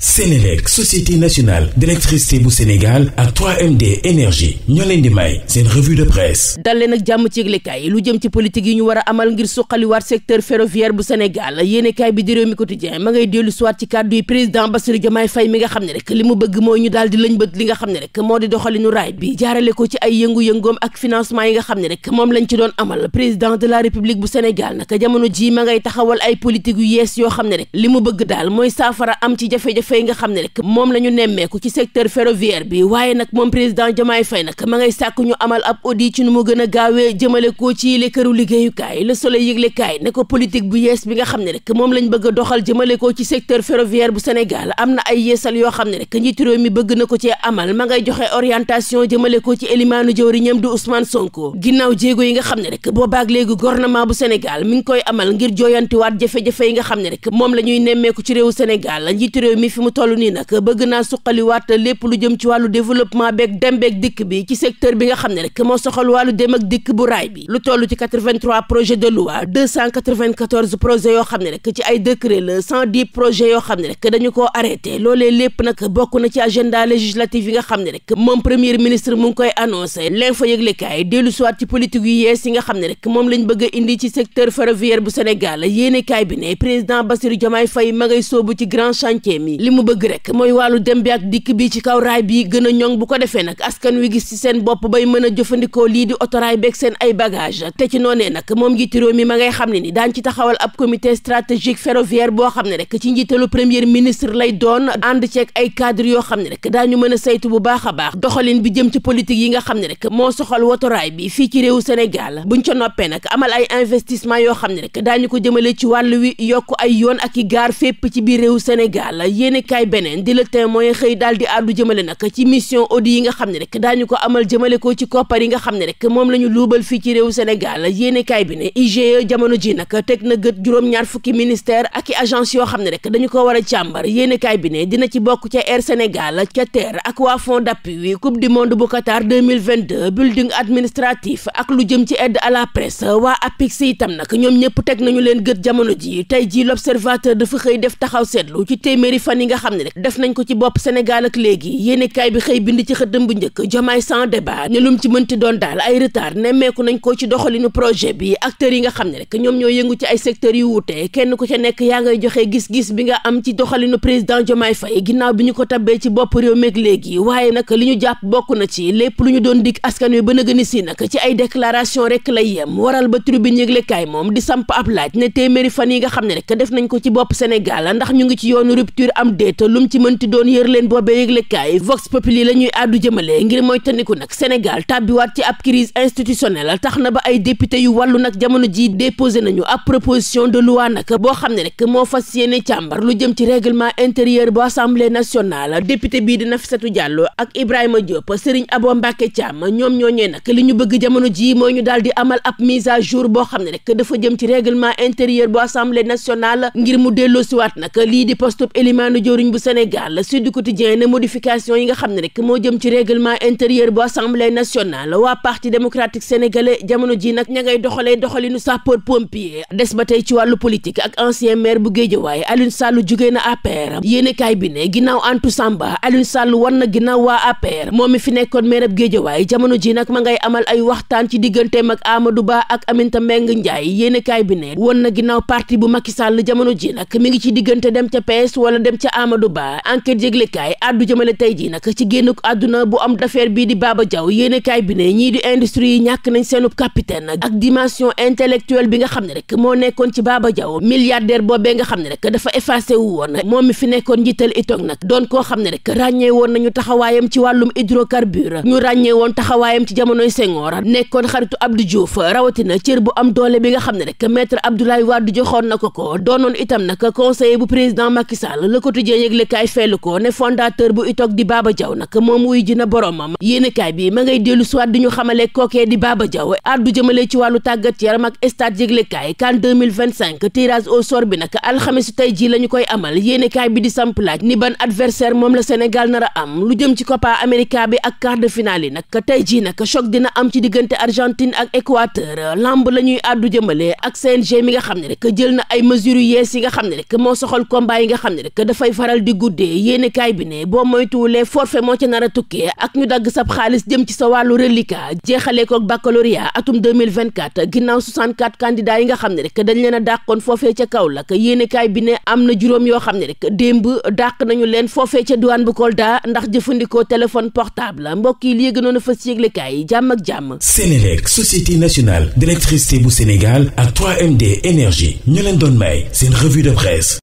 Sénélec société nationale d'électricité bu Sénégal ak 3MD énergie ñoo leen di may seen revue de presse dal leen jàmm ci yëglekaay yi lu jëm ci politique yi ñu war a amal ngir suqaliwaat secteur ferroviaire bu Sénégal yéenekaay bi di Rewmi Quotidien ma ngay dellu siwaat ci kàddu yi président Bassirou Diomaye Faye mi nga xam ne rek li mu bëgg mooy ñu daal di lañ bët li nga xam ne rek moo di doxalinu raay bi jaarale ko ci ay yëngu-yëngoom ak financement yi nga xam ne rek moom lañ ci doon amal président de la République bu Sénégal naka jamono ji ma ngay taxawal ay politique yu yoo xam ne li mu bëgg daal mooy am ci jafe jafe-jafe yi nga moom la ñu nemmeeku ci secteur bi waaye nag moom président Diomaye fay nag ma ngay sàkk ñu amal ab audit ci nu mu gën a gaawee jëmale ko ci le këru liggéeyukaay Le Soleil yëglekaay ne ko politique bu yees bi nga xam ne rek moom lañ bëgg a doxal jëmale ko ci secteur ferroviaire bu Sénégal am na ay yoo xam ne rek njiitu réew mi bëgg na ko cee amal ma ngay joxe orientation jëmale ko ci élimaanu jëwriñam du Ousmane Sonko ginnaaw jéego yi nga xam ne rek boobaak léegi gouvernement bu Sénégal mi ngi koy amal ngir jooyantiwaat jafe-jafe yi nga xam ne rek moom la ñuy nemmeeku ci réewu Sénégal njiitu réew mi fi mu toll nii nag bëgg naa suqaliwaat lépp lu jëm ci wàllu développement beeg dem beeg dikk bi ci secteur bi nga xam ne rek moo soxal wàllu dem ak dikk bu raay bi lu toll ci 83 projet de loi 294 projet yoo xam ne rek ci ay décret la 110 projet yoo xam ne rek dañu koo arrêté loolee lépp nag bokk na ci agenda législatif yi nga xam ne rek moom premier ministre mu ngi koy annoncé l'info yëglekaay dellu soit ci politique yu yees nga xam ne rek moom lañ bëgg indi ci secteur ferroviaire bu Sénégal yéenekaay bi ne président Bassirou Diomaye Faye ma ngay soobu ci grand chantier mii li mu bëgg rek mooy wàllu dem bi ak dikk bi ci kaw raay bi gën a ñoŋ bu ko defee nag askan wi gis ci seen bopp bay mën jëfandikoo lii di otoraay beeg seen ay bagage te ci noonee nag moom njiitu réew mi ma ngay xam ne ni daan ci taxawal ab comité stratégique ferroviaire boo xam ne rek ci njiitalu premier ministre lay doon ànd ceeg ay cadre yoo xam ne rek daañu mën a saytu bu baax a baax doxalin bi jëm ci politique yi nga xam ne rek moo soxal wotoraay bi fii ci réewu Sénégal buñ ca noppee nag amal ay investissement yoo xam ne rek daañu ko jëmale ci wàll wi yokk ay yoon ak ci biir réewu Sénégal yéen yéenekaay beneen di Le Témoin xëy daal di àddu jëmale nag ci mission audit yi nga xam ne rek daañu ko amal jëmale ko ci koppar yi nga xam ne rek moom lañu ñu luubal fii ci réew Sénégal yéenekaay bi ne IGE jamono ji nag teg na gët juróom-ñaar fukki ministère ak i agence yoo xam ne rek dañu ko war a càmbar yéenekaay bi ne dina ci bokk ca Air Sénégal ca TER ak waa Fonds d'appui Coupe du monde bu Qatar 2022 building administratif ak lu jëm ci aide à la presse waa APIX itam nag ñoom ñëpp teg nañu leen gët jamono ji tey ji L'Observateur dafa xëy def taxaw seetlu nga xam ne rek def nañ ko ci bopp Sénégal ak léegi yéenekaay bi xëy bind ci xëddam bu njëkk jomaay sans débat ne lum ci mënti doon daal ay retard nemmeeku nañ ko ci doxalinu projet bi acteurs yi nga xam ne rek ñoom ñoo yëngu ci ay secteurs yu wuute kenn ku ca nekk yaa ngay joxe gis-gis bi nga am ci doxalinu président jomaay fay ginnaaw bi ñu ko tabbee ci bopp réew meeg léegi waaye nag li ñu jàpp bokk na ci lépp lu ñu doon dig askan wi ba nëgëni si nag ci ay déclaration rek lay yem waral ba tribune yëglekaay moom di samp ab laaj ne téeméeri fan yi nga xam ne rek def nañ ko ci bopp Sénégal ndax déet lu mu ci mënti doon yër leen boobee yëglekaay vox populi la ñuy àddu jëmale ngir moytandiku nag Sénégal tàbbiwaat ci ab crise institutionnelle tax na ba ay député yu wàllu nag jamono ji déposé nañu ab proposition de loi nag boo xam ne rek moo fas yéene càmbar lu jëm ci règlement intérieur bu assemblée nationale député bii di Nafissatou Diallo ak Ibrahima Diop Serigne Abo Mbacké Thiam ñoom ñooñee nag li ñu bëgg jamono ji mooy ñu daal di amal ab mise à jour boo xam ne rek dafa jëm ci règlement intérieur bu assemblée nationale ngir mu delloosiwaat jëwriñ bu Sénégal Sud Quotidien ne modification yi nga xam ne rek moo jëm ci règlement intérieur bu assemblée nationale waa parti démocratique sénégalais jamono ji nag ña ngay doxalee doxalinu sapeur pompier des ba tey ci wàllu politique ak ancien maire bu Guédiawaye Alioune Sall jugee na APR yéenekaay bi ne ginnaaw Antou Samba Alioune Sall war na ginnaaw waa APR moom mi fi nekkoon maire bu Guédiawaye jamono ji nag ma ngay amal ay waxtaan ci digganteem ak Amadou ca Amadou Ba enquête yëglekaay addu jëmale tey ji nag ci génn àdduna bu am d'affaire bii di Baba Diaw yéenekaay bi ne ñii di industrie yi ñàkk nañ seenub capitaine ak dimension intellectuelle bi nga xam ne rek moo nekkoon ci Baba Diaw milliardaire boobee nga xam ne rek dafa effacé wu woon moom mi fi nekkoon njiital itog nag doon koo xam ne rek ràññee woon nañu taxawaayam ci wàllum hydrocarbure ñu ràññee woon taxawaayam ci jamonoy Senghor nekkoon xaritu Abdou Diouf rawatina cër bu am doole bi nga xam ne rek maître Abdoulaye Wade joxoon na ko ko doonoon quotidien yëglekaay fellu ko ne fondateur bu itok di Baba Diaw nag moom wuy ji na boromam yéenekaay bi ma ngay dellu suwaat di ñu xamale kookee di Baba Diaw addu jëmale ci wàllu tàggat yaram ak stade yëglekaay CAN 2025 tirage au bi nag alxames tey jii la koy amal yéenekaay bi di samp laaj ni ban adversaire moom la Sénégal nar a am lu jëm ci Copa América bi ak quart de finale yi tey jii nag choc dina am ci diggante Argentine ak Équateur lamb la mi nga xam ne rek jël na ay yi nga koy faral di guddee yéenekaay bi ne boo moytuwulee forfait moo ca nar a tukkee ak ñu dagg sab xaalis jëm ci sa wàllu reliquat jeexalee ko ak baccalauréat atum 2024 ginnaaw 64 candidats yi nga xam ne rek dañ leen a dàqoon foofee ca Kaolack yéenekaay bi ne am na juróom yoo xam ne rek démb dàq nañu leen foofee ca diwaan bu Kolda ndax jëfandikoo téléphone portable mbokk yi lii gënoon a fas yéeglekaay yi jàmm ak jàmm Sénélec société nationale d'électricité bu Sénégal a 3 ñu leen doon may seen revue